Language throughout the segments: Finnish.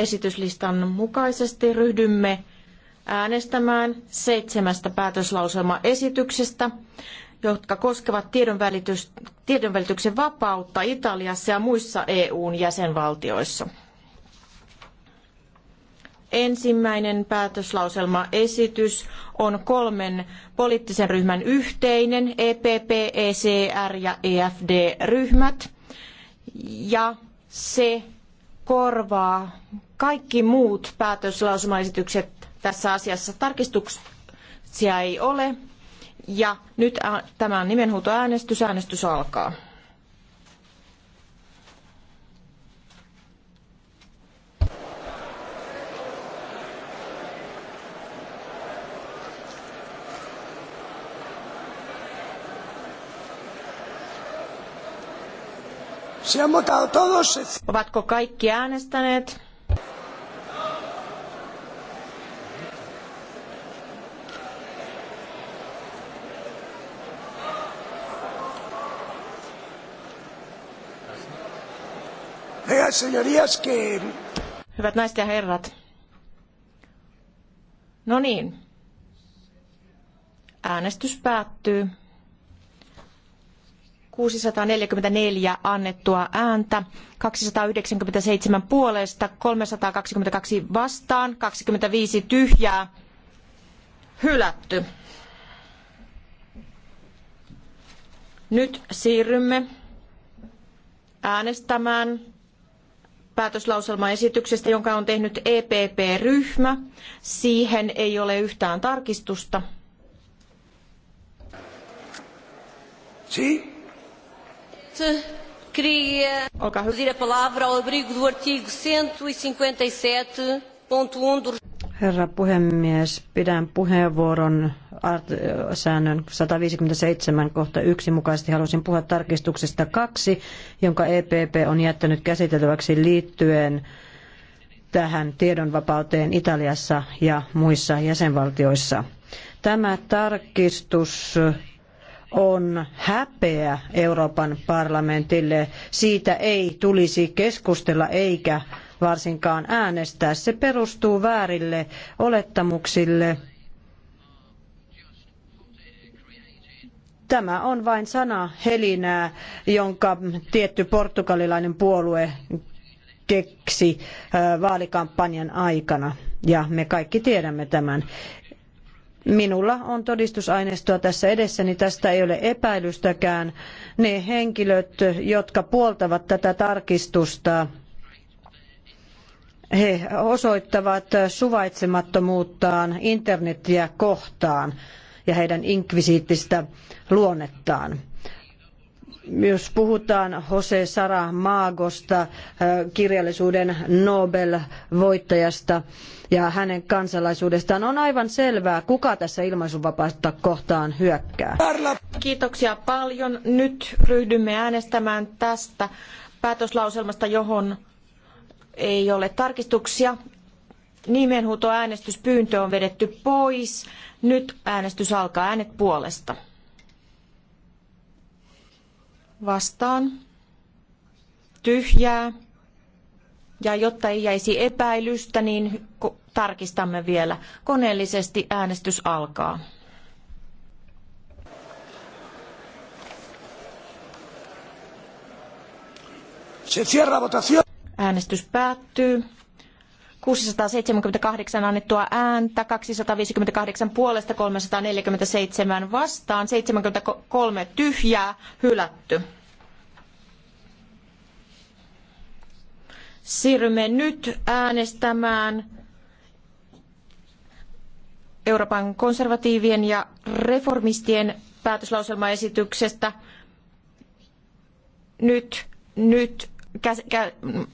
esityslistan mukaisesti ryhdymme äänestämään seitsemästä päätöslauselmaesityksestä, jotka koskevat tiedonvälitys, tiedonvälityksen vapautta Italiassa ja muissa EUn jäsenvaltioissa. Ensimmäinen päätöslauselmaesitys on kolmen poliittisen ryhmän yhteinen, EPP, ECR ja EFD-ryhmät, ja se korvaa kaikki muut päätöslausumaesitykset tässä asiassa. Tarkistuksia ei ole. Ja nyt tämä on nimenhuutoäänestys. Äänestys alkaa. Ovatko kaikki äänestäneet? Hyvät naiset ja herrat. No niin. Äänestys päättyy. 644 annettua ääntä, 297 puolesta, 322 vastaan, 25 tyhjää, hylätty. Nyt siirrymme äänestämään päätöslauselmaesityksestä, jonka on tehnyt EPP-ryhmä. Siihen ei ole yhtään tarkistusta. Sí. Presidente, queria pedir a palavra ao abrigo do artigo 157.1 e e um do... Herra puhemies, pidän puheenvuoron säännön 157 kohta 1 mukaisesti. Haluaisin puhua tarkistuksesta 2, jonka EPP on jättänyt käsiteltäväksi liittyen tähän tiedonvapauteen Italiassa ja muissa jäsenvaltioissa. Tämä tarkistus on häpeä Euroopan parlamentille. Siitä ei tulisi keskustella eikä varsinkaan äänestää. Se perustuu väärille olettamuksille. Tämä on vain sana helinää, jonka tietty portugalilainen puolue keksi vaalikampanjan aikana. Ja me kaikki tiedämme tämän. Minulla on todistusaineistoa tässä edessäni, tästä ei ole epäilystäkään. Ne henkilöt, jotka puoltavat tätä tarkistusta, he osoittavat suvaitsemattomuuttaan internetiä kohtaan ja heidän inkvisiittistä luonnettaan. Myös puhutaan Jose Sara Maagosta, äh, kirjallisuuden Nobel-voittajasta ja hänen kansalaisuudestaan. On aivan selvää, kuka tässä ilmaisuvapautta kohtaan hyökkää. Kiitoksia paljon. Nyt ryhdymme äänestämään tästä päätöslauselmasta, johon ei ole tarkistuksia. Nimenhuutoäänestyspyyntö on vedetty pois. Nyt äänestys alkaa äänet puolesta vastaan tyhjää. Ja jotta ei jäisi epäilystä, niin tarkistamme vielä. Koneellisesti äänestys alkaa. Äänestys päättyy. 678 annettua ääntä, 258 puolesta, 347 vastaan, 73 tyhjää, hylätty. Siirrymme nyt äänestämään Euroopan konservatiivien ja reformistien päätöslauselmaesityksestä. Nyt, nyt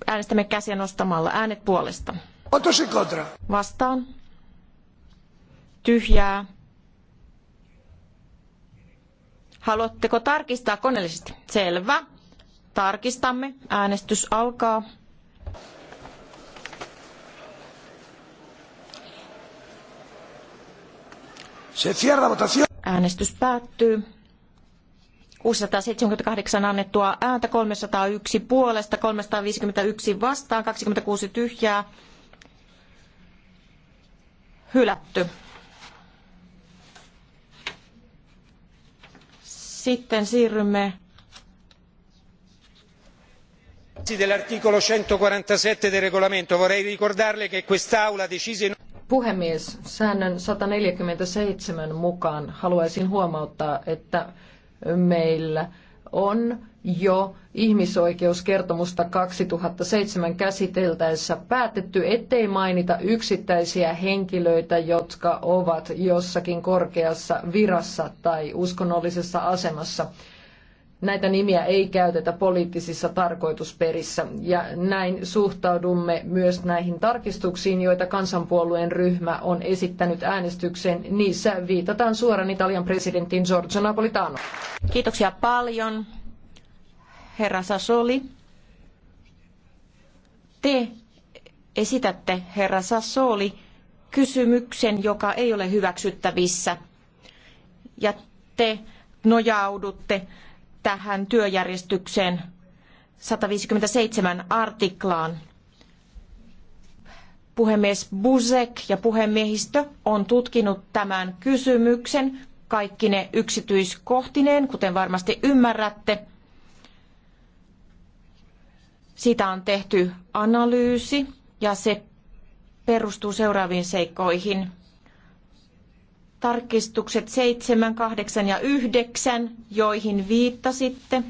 äänestämme käsiä nostamalla äänet puolesta. Vastaan. Tyhjää. Haluatteko tarkistaa koneellisesti? Selvä. Tarkistamme. Äänestys alkaa. Se Äänestys päättyy. 678 annettua ääntä, 301 puolesta, 351 vastaan, 26 tyhjää hylätty. Sitten siirrymme Puhemies, säännön 147 mukaan haluaisin huomauttaa, että meillä on jo ihmisoikeuskertomusta 2007 käsiteltäessä päätetty, ettei mainita yksittäisiä henkilöitä, jotka ovat jossakin korkeassa virassa tai uskonnollisessa asemassa. Näitä nimiä ei käytetä poliittisissa tarkoitusperissä ja näin suhtaudumme myös näihin tarkistuksiin, joita kansanpuolueen ryhmä on esittänyt äänestykseen. Niissä viitataan suoraan Italian presidenttiin Giorgio Napolitano. Kiitoksia paljon herra Sassoli, te esitätte, herra Sassoli, kysymyksen, joka ei ole hyväksyttävissä. Ja te nojaudutte tähän työjärjestykseen 157 artiklaan. Puhemies Buzek ja puhemiehistö on tutkinut tämän kysymyksen ne yksityiskohtineen, kuten varmasti ymmärrätte. Siitä on tehty analyysi ja se perustuu seuraaviin seikkoihin. Tarkistukset 7, 8 ja 9, joihin viittasitte,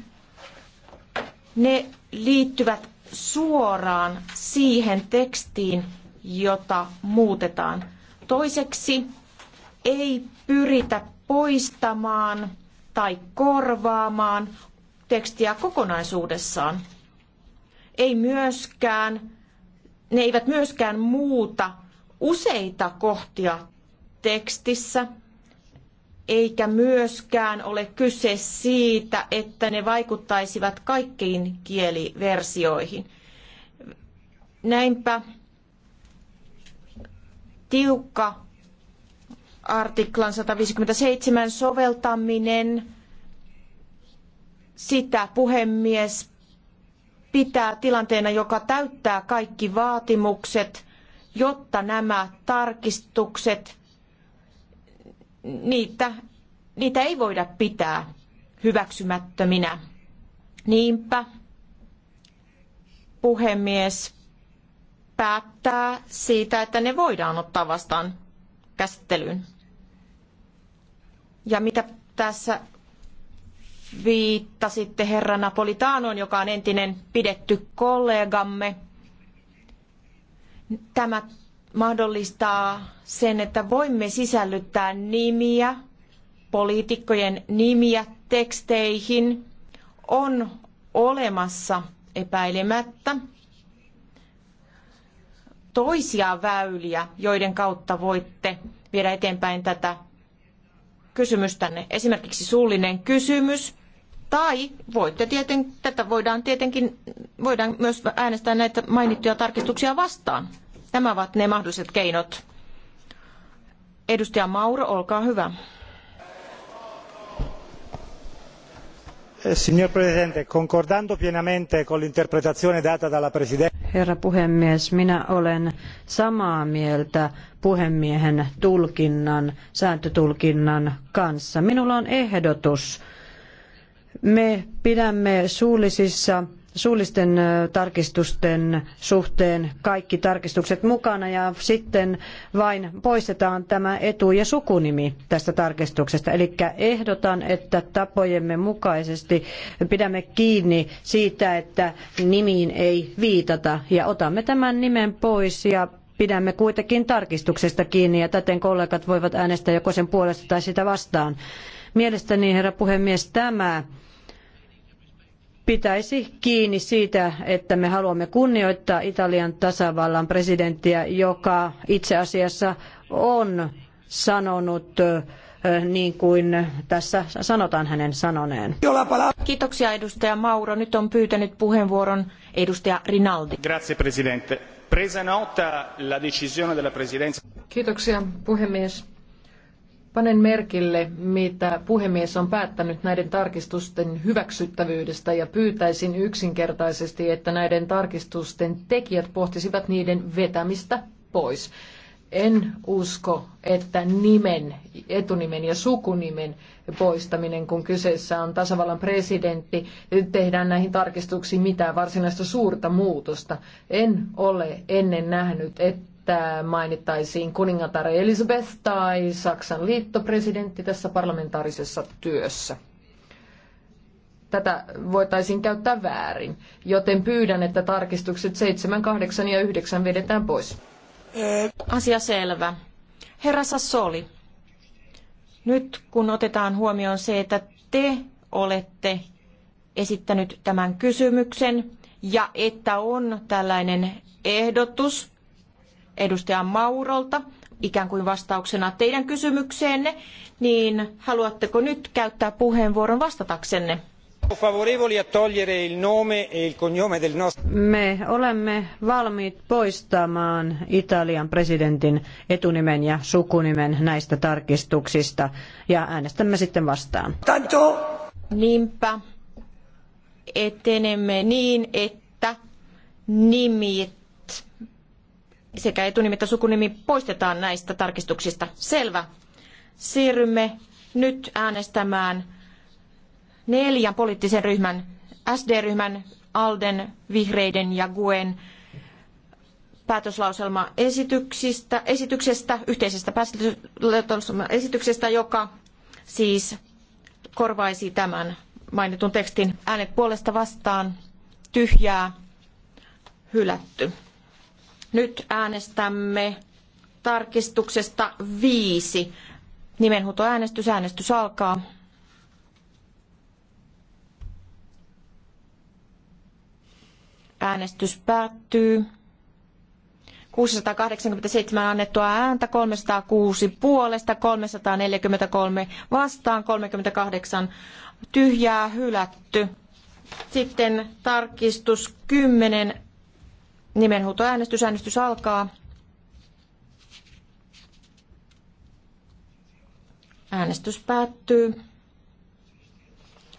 ne liittyvät suoraan siihen tekstiin, jota muutetaan. Toiseksi ei pyritä poistamaan tai korvaamaan tekstiä kokonaisuudessaan ei myöskään, ne eivät myöskään muuta useita kohtia tekstissä, eikä myöskään ole kyse siitä, että ne vaikuttaisivat kaikkiin kieliversioihin. Näinpä tiukka artiklan 157 soveltaminen, sitä puhemies pitää tilanteena, joka täyttää kaikki vaatimukset, jotta nämä tarkistukset, niitä, niitä ei voida pitää hyväksymättöminä. Niinpä puhemies päättää siitä, että ne voidaan ottaa vastaan käsittelyyn. Ja mitä tässä viittasitte herra Napolitanoon, joka on entinen pidetty kollegamme. Tämä mahdollistaa sen, että voimme sisällyttää nimiä, poliitikkojen nimiä teksteihin. On olemassa epäilemättä toisia väyliä, joiden kautta voitte viedä eteenpäin tätä kysymystänne. Esimerkiksi suullinen kysymys, tai voitte tieten, tätä voidaan tietenkin voidaan myös äänestää näitä mainittuja tarkistuksia vastaan. Nämä ovat ne mahdolliset keinot. Edustaja Mauro, olkaa hyvä. Eh, signor Presidente, concordando pienamente con l'interpretazione data dalla Presidente. Herra puhemies, minä olen samaa mieltä puhemiehen tulkinnan, sääntötulkinnan kanssa. Minulla on ehdotus me pidämme suullisissa suullisten tarkistusten suhteen kaikki tarkistukset mukana ja sitten vain poistetaan tämä etu- ja sukunimi tästä tarkistuksesta. Eli ehdotan, että tapojemme mukaisesti pidämme kiinni siitä, että nimiin ei viitata ja otamme tämän nimen pois ja pidämme kuitenkin tarkistuksesta kiinni ja täten kollegat voivat äänestää joko sen puolesta tai sitä vastaan. Mielestäni, herra puhemies, tämä pitäisi kiinni siitä, että me haluamme kunnioittaa Italian tasavallan presidenttiä, joka itse asiassa on sanonut niin kuin tässä sanotaan hänen sanoneen. Kiitoksia edustaja Mauro. Nyt on pyytänyt puheenvuoron edustaja Rinaldi. Grazie presidente. Presa nota la decisione della presidenza. Kiitoksia puhemies. Panen merkille, mitä puhemies on päättänyt näiden tarkistusten hyväksyttävyydestä ja pyytäisin yksinkertaisesti, että näiden tarkistusten tekijät pohtisivat niiden vetämistä pois. En usko, että nimen, etunimen ja sukunimen poistaminen, kun kyseessä on tasavallan presidentti, tehdään näihin tarkistuksiin mitään varsinaista suurta muutosta. En ole ennen nähnyt, että että mainittaisiin kuningatar Elisabeth tai Saksan liittopresidentti tässä parlamentaarisessa työssä. Tätä voitaisiin käyttää väärin, joten pyydän, että tarkistukset 7, 8 ja 9 vedetään pois. Asia selvä. Herra Sassoli, nyt kun otetaan huomioon se, että te olette esittänyt tämän kysymyksen ja että on tällainen ehdotus edustaja Maurolta ikään kuin vastauksena teidän kysymykseenne, niin haluatteko nyt käyttää puheenvuoron vastataksenne? E Me olemme valmiit poistamaan Italian presidentin etunimen ja sukunimen näistä tarkistuksista ja äänestämme sitten vastaan. Tanto. Niinpä etenemme niin, että nimit sekä etunimi että sukunimi poistetaan näistä tarkistuksista. Selvä. Siirrymme nyt äänestämään neljän poliittisen ryhmän, SD-ryhmän, Alden, Vihreiden ja Guen päätöslauselma esityksestä, esityksestä yhteisestä päätöslauselmaesityksestä, joka siis korvaisi tämän mainitun tekstin äänet puolesta vastaan, tyhjää, hylätty. Nyt äänestämme tarkistuksesta viisi. Nimenhuutoäänestys. Äänestys alkaa. Äänestys päättyy. 687 annettua ääntä, 306 puolesta, 343 vastaan, 38 tyhjää hylätty. Sitten tarkistus 10 Nimenhuutoäänestys. Äänestys alkaa. Äänestys päättyy.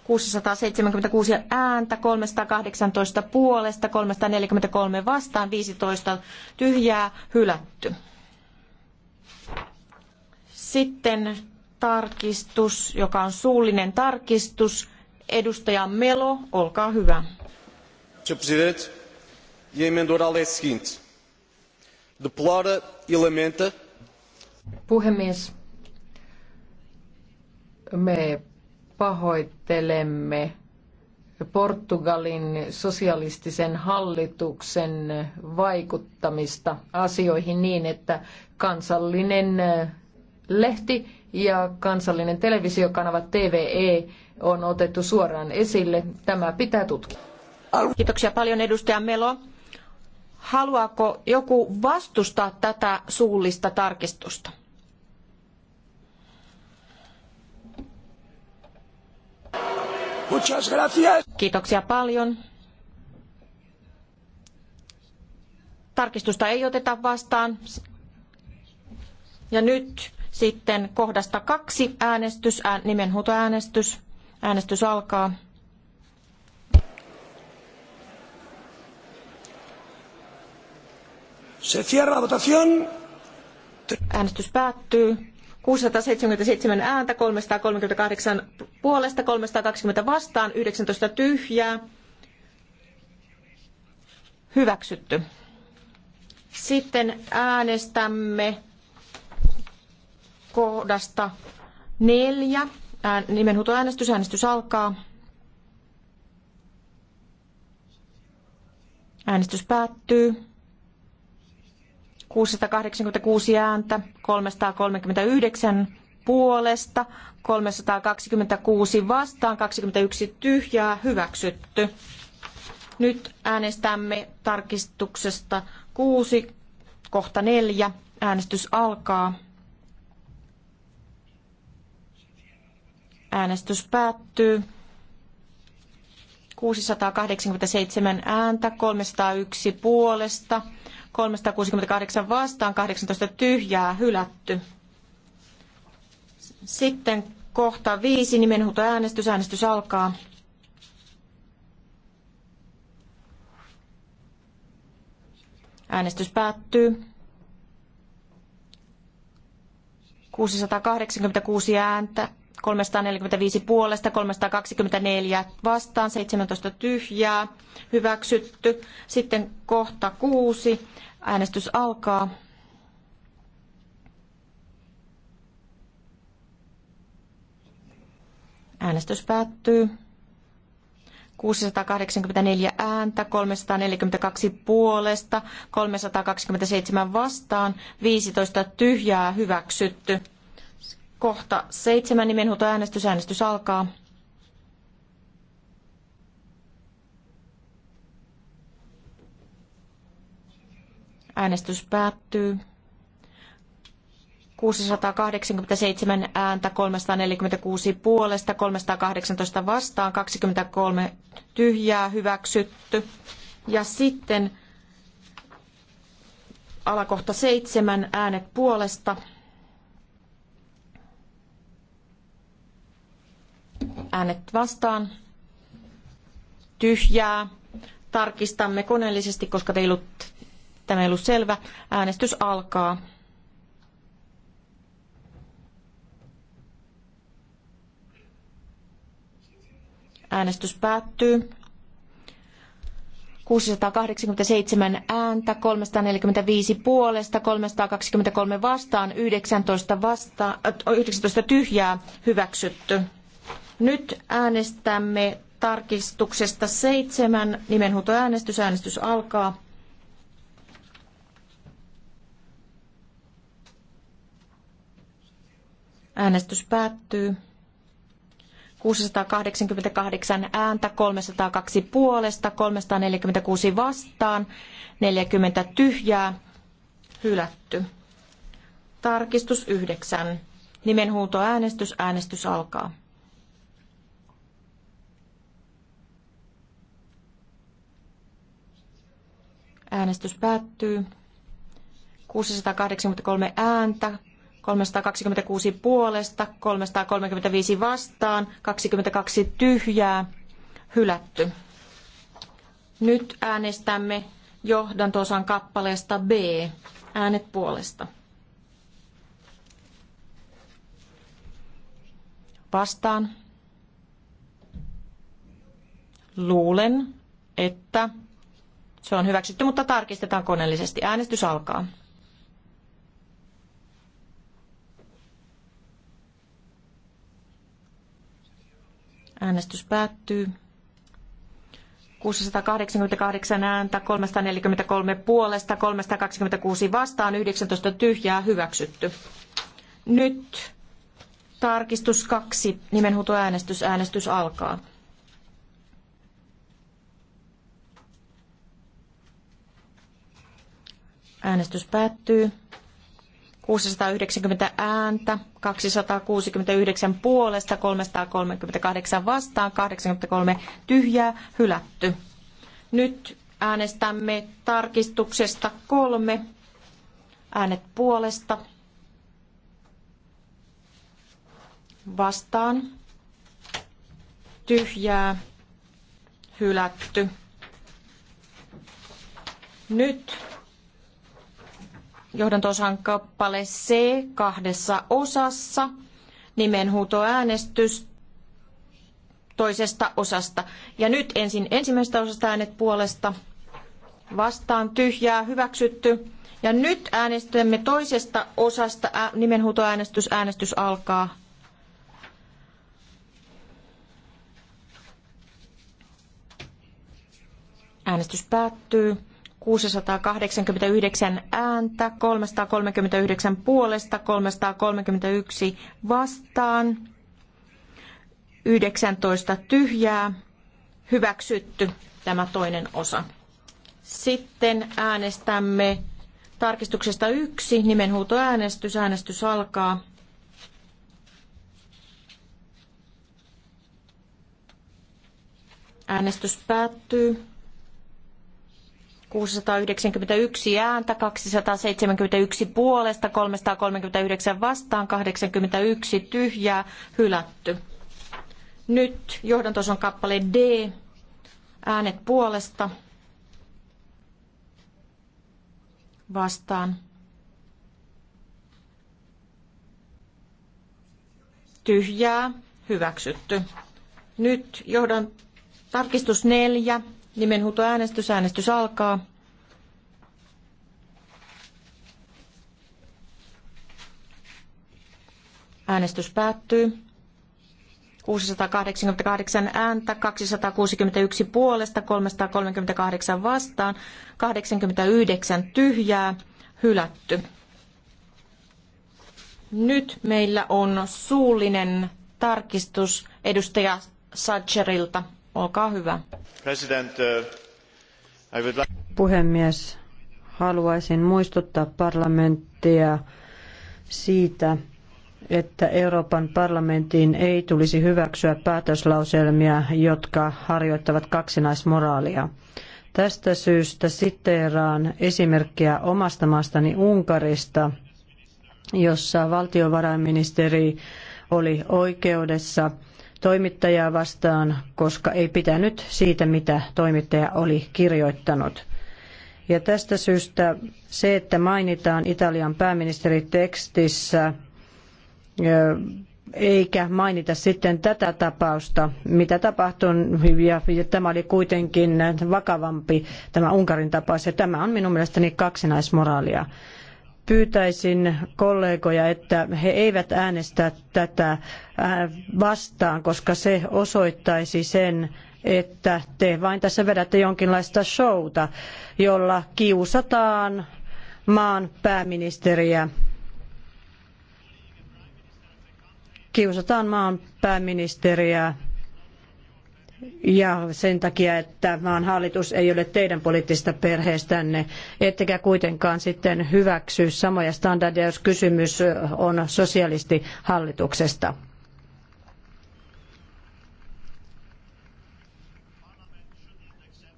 676 ääntä, 318 puolesta, 343 vastaan, 15 tyhjää, hylätty. Sitten tarkistus, joka on suullinen tarkistus. Edustaja Melo, olkaa hyvä. Mr e emenda oral é a seguinte. Deplora e lamenta. Puhemies, me pahoittelemme Portugalin sosialistisen hallituksen vaikuttamista asioihin niin, että kansallinen lehti ja kansallinen televisiokanava TVE on otettu suoraan esille. Tämä pitää tutkia. Kiitoksia paljon edustaja Melo. Haluaako joku vastustaa tätä suullista tarkistusta? Kiitoksia paljon. Tarkistusta ei oteta vastaan. Ja nyt sitten kohdasta kaksi äänestys, nimenhuutoäänestys. Äänestys alkaa. Se cierra la votación. Äänestys päättyy. 677 ääntä, 338 puolesta, 320 vastaan, 19 tyhjää. Hyväksytty. Sitten äänestämme kohdasta neljä. Ään, nimenhuutoäänestys. Äänestys alkaa. Äänestys päättyy. 686 ääntä, 339 puolesta, 326 vastaan, 21 tyhjää hyväksytty. Nyt äänestämme tarkistuksesta 6, kohta 4. Äänestys alkaa. Äänestys päättyy. 687 ääntä, 301 puolesta, 368 vastaan, 18 tyhjää, hylätty. Sitten kohta viisi, nimenhuuto äänestys. Äänestys alkaa. Äänestys päättyy. 686 ääntä, 345 puolesta, 324 vastaan, 17 tyhjää, hyväksytty. Sitten kohta kuusi, äänestys alkaa. Äänestys päättyy. 684 ääntä, 342 puolesta, 327 vastaan, 15 tyhjää hyväksytty. Kohta seitsemän äänestys, Äänestys alkaa. Äänestys päättyy. 687 ääntä, 346 puolesta, 318 vastaan, 23 tyhjää hyväksytty. Ja sitten alakohta seitsemän äänet puolesta, äänet vastaan, tyhjää. Tarkistamme koneellisesti, koska ei ollut, tämä ei ollut selvä. Äänestys alkaa. Äänestys päättyy. 687 ääntä, 345 puolesta, 323 vastaan, 19, vasta, 19 tyhjää hyväksytty. Nyt äänestämme tarkistuksesta seitsemän. Nimenhuutoäänestys. Äänestys alkaa. Äänestys päättyy. 688 ääntä, 302 puolesta, 346 vastaan, 40 tyhjää, hylätty. Tarkistus 9. Nimenhuutoäänestys. Äänestys alkaa. Äänestys päättyy. 683 ääntä, 326 puolesta, 335 vastaan, 22 tyhjää, hylätty. Nyt äänestämme johdantosan kappaleesta B. Äänet puolesta. Vastaan. Luulen, että se on hyväksytty, mutta tarkistetaan koneellisesti. Äänestys alkaa. Äänestys päättyy. 688 ääntä, 343 puolesta, 326 vastaan, 19 tyhjää hyväksytty. Nyt tarkistus 2, nimenhuutoäänestys, äänestys alkaa. Äänestys päättyy. 690 ääntä, 269 puolesta, 338 vastaan, 83 tyhjää, hylätty. Nyt äänestämme tarkistuksesta kolme. Äänet puolesta. Vastaan. Tyhjää. Hylätty. Nyt johdantosan kappale C kahdessa osassa nimenhuutoäänestys toisesta osasta. Ja nyt ensin ensimmäisestä osasta äänet puolesta vastaan tyhjää hyväksytty. Ja nyt äänestämme toisesta osasta ä, nimenhuutoäänestys. Äänestys alkaa. Äänestys päättyy. 689 ääntä, 339 puolesta, 331 vastaan, 19 tyhjää, hyväksytty tämä toinen osa. Sitten äänestämme tarkistuksesta yksi, nimenhuutoäänestys, äänestys alkaa. Äänestys päättyy. 691 ääntä, 271 puolesta, 339 vastaan, 81 tyhjää, hylätty. Nyt johdantoson kappale D, äänet puolesta, vastaan, tyhjää, hyväksytty. Nyt johdan tarkistus 4, Nimenhuutoäänestys. Äänestys alkaa. Äänestys päättyy. 688 ääntä, 261 puolesta, 338 vastaan, 89 tyhjää, hylätty. Nyt meillä on suullinen tarkistus edustaja Sadgerilta arvoisa uh, Puhemies, haluaisin muistuttaa parlamenttia siitä, että Euroopan parlamentin ei tulisi hyväksyä päätöslauselmia, jotka harjoittavat kaksinaismoraalia. Tästä syystä siteeraan esimerkkiä omasta maastani Unkarista, jossa valtiovarainministeri oli oikeudessa – toimittajaa vastaan, koska ei pitänyt siitä, mitä toimittaja oli kirjoittanut. Ja tästä syystä se, että mainitaan Italian pääministeri tekstissä, eikä mainita sitten tätä tapausta, mitä tapahtui, ja, tämä oli kuitenkin vakavampi, tämä Unkarin tapaus, ja tämä on minun mielestäni kaksinaismoraalia pyytäisin kollegoja, että he eivät äänestä tätä äh, vastaan, koska se osoittaisi sen, että te vain tässä vedätte jonkinlaista showta, jolla kiusataan maan pääministeriä. Kiusataan maan pääministeriä ja sen takia, että maan hallitus ei ole teidän poliittisesta perheestänne, ettekä kuitenkaan sitten hyväksy samoja standardeja, jos kysymys on sosialistihallituksesta.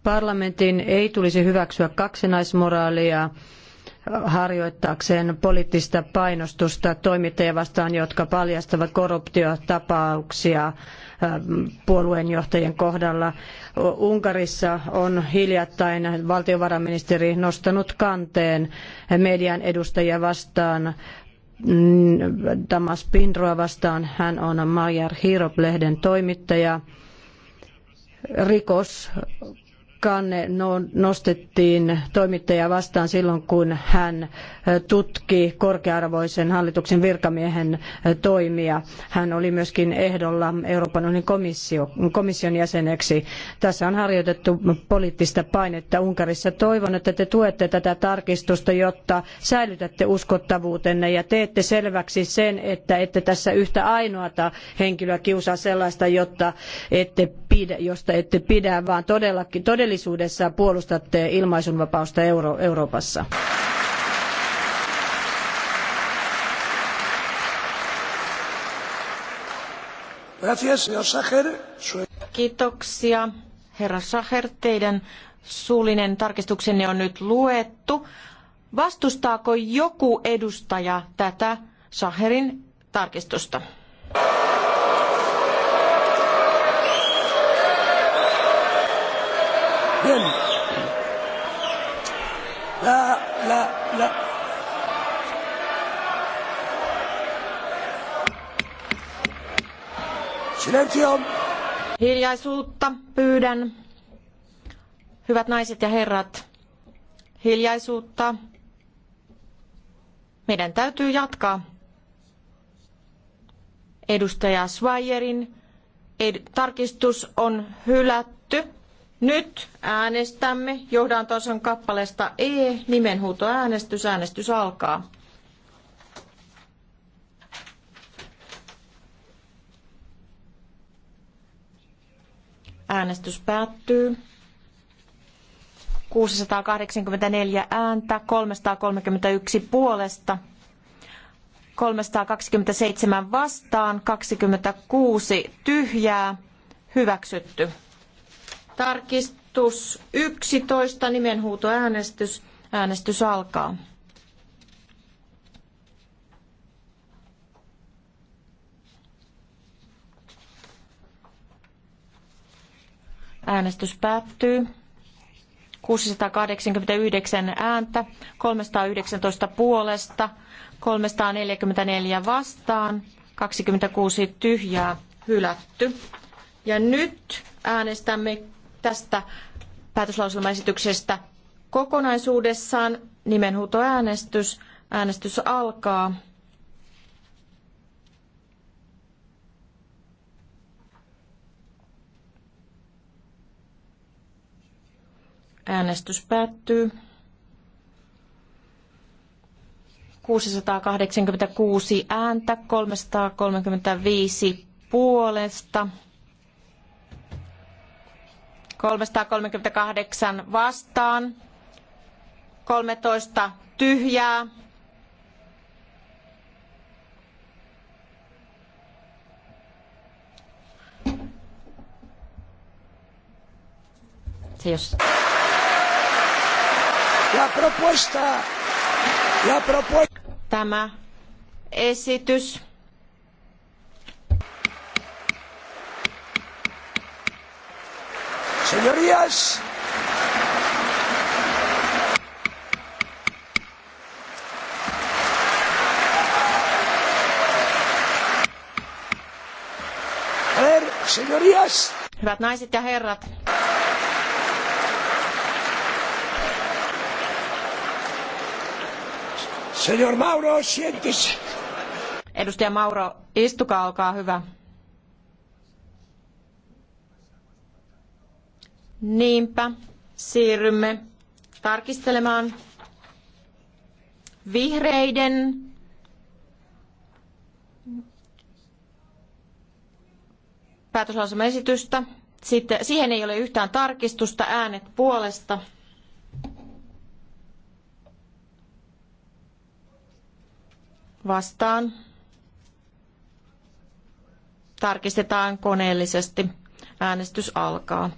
Parlamentin ei tulisi hyväksyä kaksinaismoraalia harjoittaakseen poliittista painostusta toimittajia vastaan, jotka paljastavat korruptiotapauksia äh, puolueenjohtajien kohdalla. Unkarissa on hiljattain valtiovarainministeri nostanut kanteen median edustajia vastaan mm, Damas Pindroa vastaan. Hän on Magyar Hirop-lehden toimittaja. Rikos kanne no, nostettiin toimittajaa vastaan silloin, kun hän tutki korkearvoisen hallituksen virkamiehen toimia. Hän oli myöskin ehdolla Euroopan unionin komissio, komission jäseneksi. Tässä on harjoitettu poliittista painetta Unkarissa. Toivon, että te tuette tätä tarkistusta, jotta säilytätte uskottavuutenne ja teette selväksi sen, että ette tässä yhtä ainoata henkilöä kiusaa sellaista, jotta ette pidä, josta ette pidä, vaan todellakin, todellakin todellisuudessa puolustatte ilmaisunvapausta Euro Euroopassa? Kiitoksia, herra Sacher. Teidän suullinen tarkistuksenne on nyt luettu. Vastustaako joku edustaja tätä Saherin tarkistusta? Bien. لا لا Silencio. Hiljaisuutta pyydän. Hyvät naiset ja herrat, hiljaisuutta. Meidän täytyy jatkaa. Edustaja Swayerin ed- tarkistus on hylätty. Nyt äänestämme johdantoson kappaleesta E, nimenhuutoäänestys, äänestys alkaa. Äänestys päättyy. 684 ääntä, 331 puolesta, 327 vastaan, 26 tyhjää, hyväksytty. Tarkistus 11, nimenhuutoäänestys. Äänestys alkaa. Äänestys päättyy. 689 ääntä, 319 puolesta, 344 vastaan, 26 tyhjää hylätty. Ja nyt äänestämme tästä päätöslauselmaesityksestä kokonaisuudessaan. Nimenhuutoäänestys. Äänestys alkaa. Äänestys päättyy. 686 ääntä, 335 puolesta, 338 vastaan, kolmetoista tyhjää. Se jos... La proposta. La proposta. Tämä esitys Señorías. A ver, señorías. Hyvät naiset ja herrat. Señor Mauro, siéntese. Edustaja Mauro, istukaa, olkaa hyvä. Niinpä, siirrymme tarkistelemaan vihreiden päätöslauselmaesitystä. Sitten, siihen ei ole yhtään tarkistusta, äänet puolesta. Vastaan. Tarkistetaan koneellisesti. Äänestys alkaa.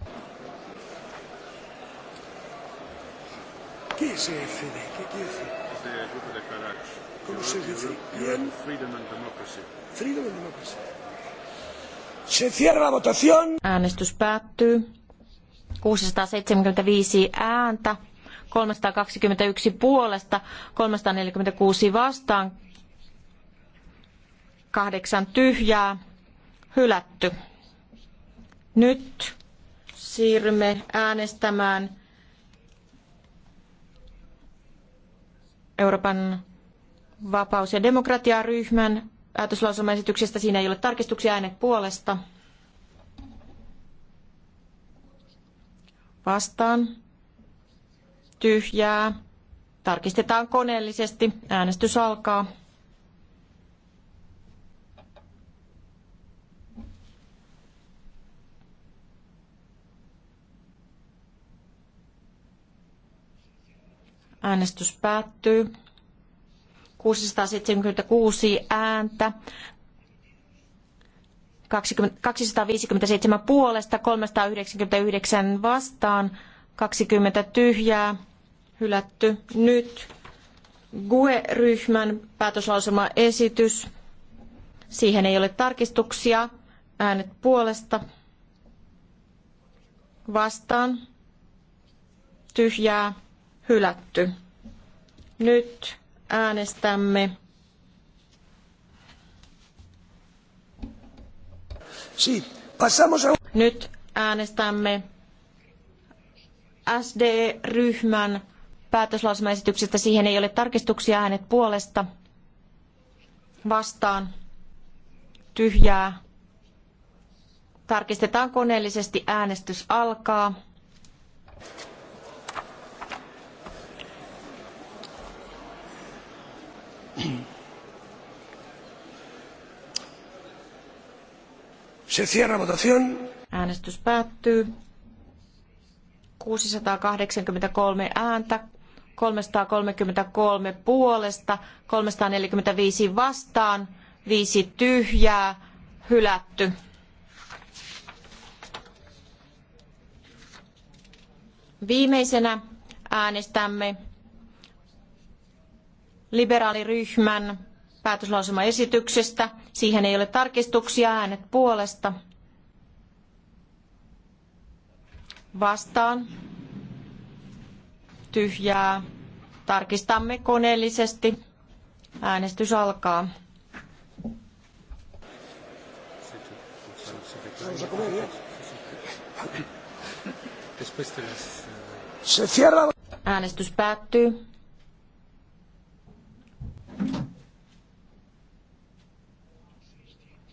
¿Qué es EFD? ¿Qué quiere decir? Es de Grupo de Karach. ¿Cómo se dice? Bien. Freedom and Democracy. Freedom and Democracy. Se cierra la votación. Äänestys päättyy. 675 ääntä, 321 puolesta, 346 vastaan, kahdeksan tyhjää, hylätty. Nyt siirrymme äänestämään Euroopan vapaus- ja demokratiaryhmän päätöslausumaesityksestä. Siinä ei ole tarkistuksia äänet puolesta. Vastaan. Tyhjää. Tarkistetaan koneellisesti. Äänestys alkaa. Äänestys päättyy. 676 ääntä. 20, 257 puolesta, 399 vastaan, 20 tyhjää, hylätty nyt. GUE-ryhmän päätöslauselmaesitys. Siihen ei ole tarkistuksia. Äänet puolesta. Vastaan. Tyhjää hylätty. Nyt äänestämme. Nyt äänestämme SD-ryhmän päätöslausumaesityksestä. Siihen ei ole tarkistuksia äänet puolesta. Vastaan. Tyhjää. Tarkistetaan koneellisesti. Äänestys alkaa. Se cierra votación. Äänestys päättyy. 683 ääntä, 333 puolesta, 345 vastaan, 5 tyhjää, hylätty. Viimeisenä äänestämme liberaaliryhmän päätöslauselmaesityksestä. Siihen ei ole tarkistuksia, äänet puolesta. Vastaan. Tyhjää. Tarkistamme koneellisesti. Äänestys alkaa. Äänestys päättyy.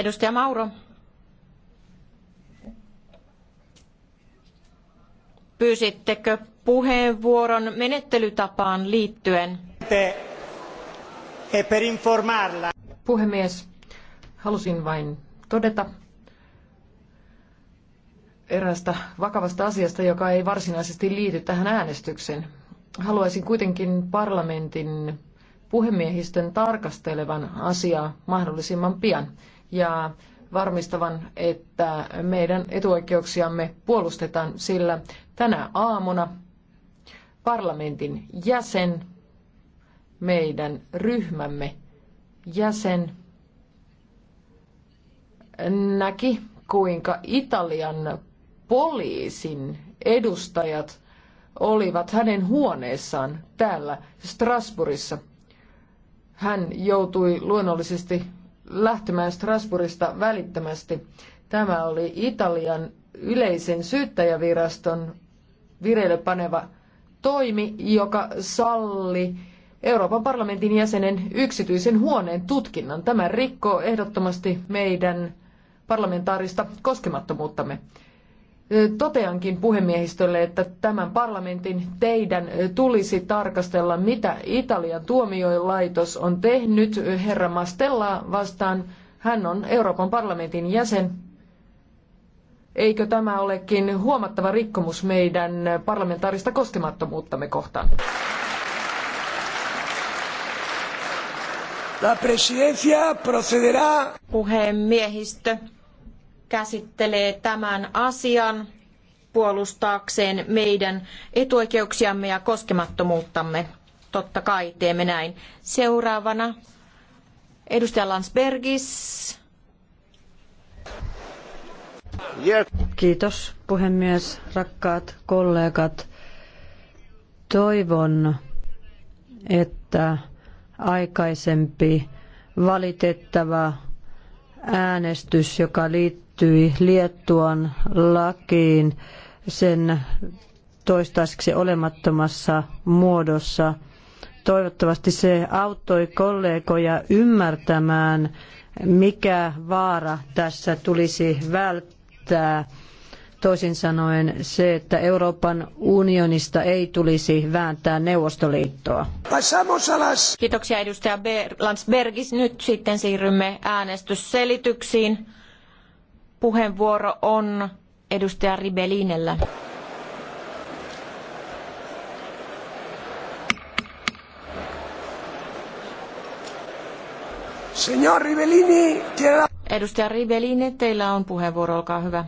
Edustaja Mauro. Pyysittekö puheenvuoron menettelytapaan liittyen? E Puhemies, halusin vain todeta eräästä vakavasta asiasta, joka ei varsinaisesti liity tähän äänestykseen. Haluaisin kuitenkin parlamentin puhemiehistön tarkastelevan asiaa mahdollisimman pian ja varmistavan, että meidän etuoikeuksiamme puolustetaan, sillä tänä aamuna parlamentin jäsen, meidän ryhmämme jäsen, näki, kuinka Italian poliisin edustajat olivat hänen huoneessaan täällä Strasbourgissa. Hän joutui luonnollisesti lähtemään Strasbourgista välittömästi. Tämä oli Italian yleisen syyttäjäviraston vireille paneva toimi, joka salli Euroopan parlamentin jäsenen yksityisen huoneen tutkinnan. Tämä rikkoo ehdottomasti meidän parlamentaarista koskemattomuuttamme. Toteankin puhemiehistölle, että tämän parlamentin teidän tulisi tarkastella, mitä Italian tuomioilaitos on tehnyt herra Mastella vastaan. Hän on Euroopan parlamentin jäsen. Eikö tämä olekin huomattava rikkomus meidän parlamentaarista koskemattomuuttamme kohtaan? La presidencia procederá. Puhemiehistö käsittelee tämän asian puolustaakseen meidän etuoikeuksiamme ja koskemattomuuttamme. Totta kai teemme näin. Seuraavana edustaja Landsbergis. Kiitos puhemies, rakkaat kollegat. Toivon, että aikaisempi valitettava äänestys, joka liittyy liittyi Liettuan lakiin sen toistaiseksi olemattomassa muodossa. Toivottavasti se auttoi kollegoja ymmärtämään, mikä vaara tässä tulisi välttää. Toisin sanoen se, että Euroopan unionista ei tulisi vääntää Neuvostoliittoa. Kiitoksia edustaja Ber- Nyt sitten siirrymme äänestysselityksiin puheenvuoro on edustaja Ribelinellä. Signor tiedä Edustaja Ribelini, teillä on puheenvuoro, olkaa hyvä.